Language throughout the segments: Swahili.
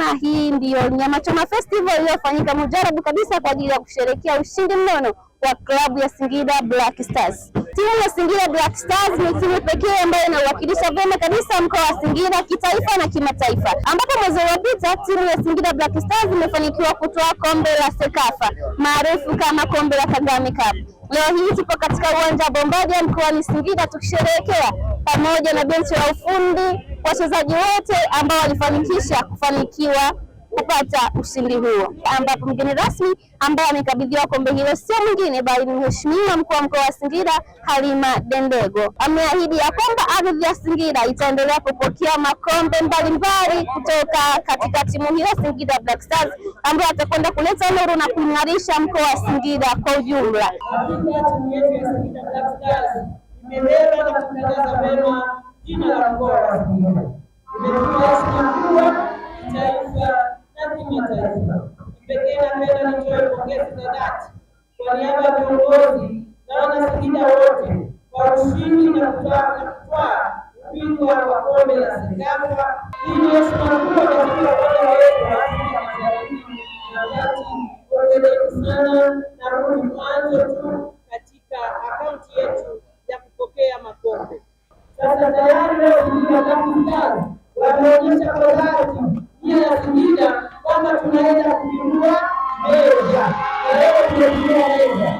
Nyama. Hii ndiyo Nyama Choma Festival iliyofanyika mujarabu kabisa kwa ajili ya kusherehekea ushindi mnono wa klabu ya Singida Black Stars. Timu ya Singida Black Stars ni timu pekee ambayo inawakilisha vyema kabisa mkoa wa Singida kitaifa na kimataifa, ambapo mwezi uliopita timu ya Singida Black Stars imefanikiwa kutoa kombe la Sekafa maarufu kama kombe la Kagame Cup. Leo hii tupo katika uwanja wa Bombadia mkoani Singida tukisherehekea pamoja na benchi ya ufundi wachezaji wote ambao walifanikisha kufanikiwa kupata ushindi huo, ambapo mgeni rasmi ambaye amekabidhiwa kombe hilo sio mwingine bali ni Mheshimiwa mkuu wa mkoa wa Singida Halima Dendego. Ameahidi ya kwamba ardhi ya Singida itaendelea kupokea makombe mbalimbali kutoka katika timu hiyo Singida Black Stars, ambayo atakwenda kuleta nuru na kuimarisha mkoa wa Singida kwa ujumla jina la mkoa Bwana limekuja kuwa kitaifa na kimataifa. Kipekee napenda nitoe pongezi za dhati kwa niaba ya viongozi na Wanasingida wote kwa ushindi na kutwaa ubingwa wa kombe la Sekafa. Hii ndio siku kuu katika upande wetu kuonyesha kwa dhati nia ya Singida kwamba tunaenda kupindua meza, na leo tumepindua meza.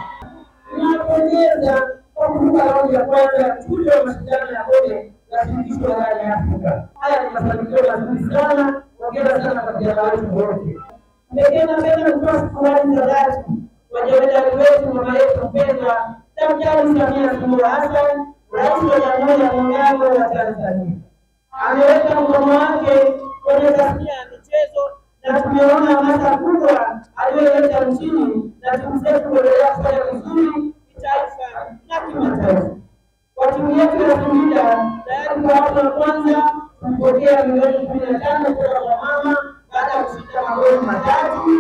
Tunapongeza kwa kuruka raundi ya kwanza tuzo ya mashindano ya bodi ya shirikisho la bara ya Afrika. Haya ni mafanikio mazuri sana, ongera sana kwa vijana wetu wote. Pekee napenda kutoa shukrani za dhati kwa jemadari wetu, mama yetu mpendwa Daktari Samia Suluhu Hassan, Rais wa Jamhuri ya Muungano wa Tanzania ameweka mkono wake kwenye tasnia ya michezo, na tumeona hamasa kubwa aliyoleta nchini na timu zetu kuendelea kufanya vizuri kitaifa na kimataifa. Kwa timu yetu ya Singida tayari kwa watu wa kwanza tumepokea milioni kumi na tano kutoka kwa mama baada ya kushinda magoli matatu,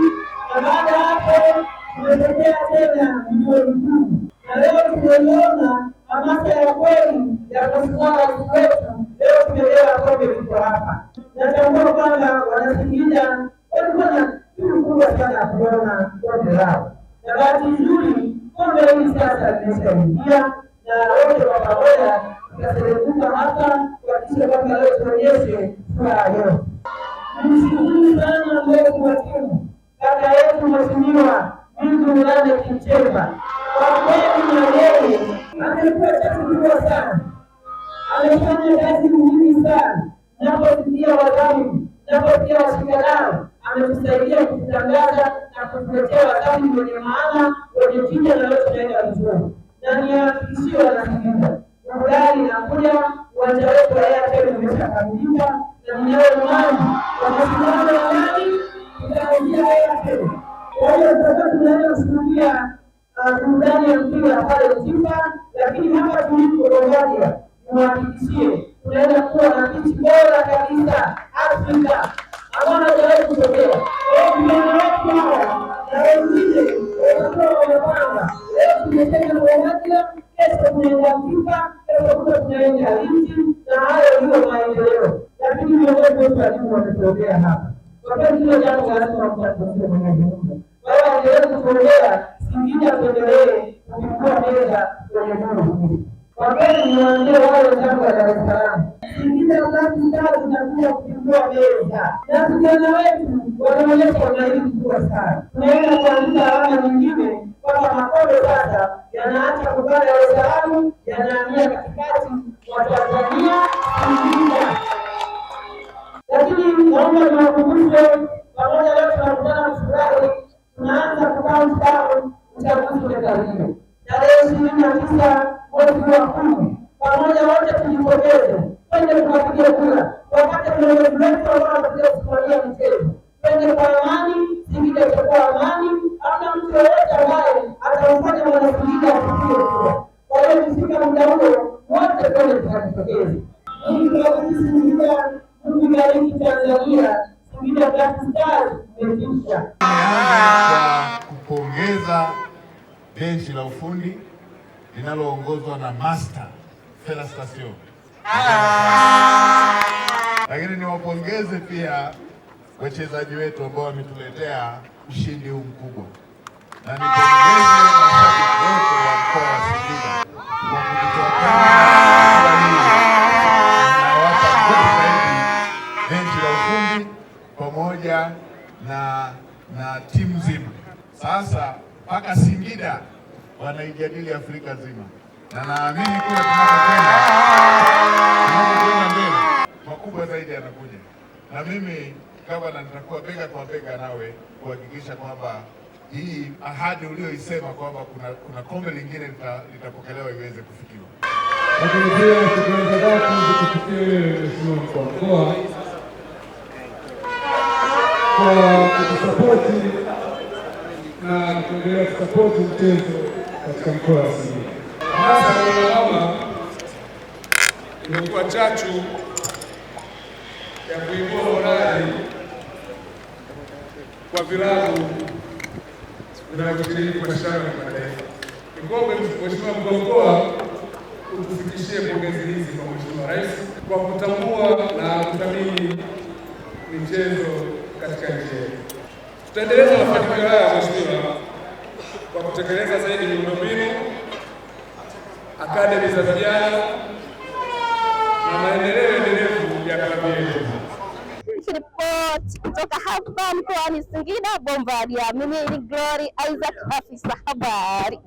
na baada ya hapo tumepokea tena milioni kumi na leo tumeiona hamasa ya kweli ya kusimama pia walikuwa na kitu kubwa sana kuona kombe lao, na bahati nzuri kombe hili sasa limeshaingia na wote kwa pamoja tukaserebuka hapa kuhakikisha kwamba leo tuonyeshe furaha yetu. Nimshukuru sana mbegu wa timu kaka yetu Mheshimiwa Bintu Milane Kichemba, kwa kweli na yeye amekuwa kazi kubwa sana, amefanya kazi muhimu sana. Naposikia wadau Japo pia washikadau ametusaidia kutangaza na kutuletea wakati wenye maana wenye tija na yote tunaenda vizuri, na niahakikishie ugali na kuja uwanja wetu wa Airtel umeshakamilika na ninao imani wanasimama ndani tutaingia Airtel. Kwa hiyo sasa tunaenda kusimamia ah, burudani ya mpira pale Simba, lakini hapa tulipo Longoria, niwahakikishie tunaenda kuwa na pichi bora kabisa shida ambayo haijawahi kutokea. Vijana wetu hawa na wengine watakuwa wanapanga leo, tumetega maeneo, kesho tunaenda Afrika, kesho kuta tunaenda nchi, na hayo ndiyo maendeleo. Lakini viongozi wetu walimu wametokea hapa, wakati hiyo jambo lazima mtakuzie Mwenyezi Mungu, wao wangeweza kuongea singine apendelee na vijana wetu wanaonyesha umahiri mkubwa sana. Tunaenda kuanzia alama nyingine kwamba makombe sasa yanaacha kubana ya Uislamu, yanaamia katikati wa Tanzania kuingia. Lakini naomba niwakumbushe pamoja, leo tunakutana Mfurahi, tunaanza kukaa mstari uchaguzi umekaribia tarehe ishirini na tisa mwezi wa kumi. Pamoja wote tujitokeze, twende tukapiga kura. Kupongeza benchi la ufundi linaloongozwa na master Felistas lakini niwapongeze pia wachezaji wetu ambao wametuletea ushindi huu mkubwa na na na timu nzima. Sasa mpaka Singida wanaijadili Afrika nzima, na naamini kuwa makubwa zaidi yanakuja, na mimi gavana nitakuwa bega kwa bega nawe kuhakikisha kwamba hii ahadi uliyoisema kwamba kuna, kuna kombe lingine litapokelewa iweze kufikiwa. Lakini pia shukrani za dhati zikufikie Mheshimiwa mkuu wa mkoa kwa kutusapoti na kuendelea kusapoti mchezo katika mkoa wa Simiyu. Hamasa mama imekuwa chachu ya kuibua morali kwa vilabu vinavyoshiriki mashindano ya kimataifa. Nikombe Mheshimiwa mkuu wa mkoa utufikishie pongezi hizi kwa Mheshimiwa Rais kwa kutambua na kuthamini michezo katika nchi yetu. Tutaendeleza mafanikio haya ya mheshimiwa kwa kutekeleza zaidi miundombinu, akademi za vijana na maendeleo endelevu ya klabu yetu. kutoka hapa mkoani Singida, Bombardia, mimi ni Glory Isaac, afisa habari.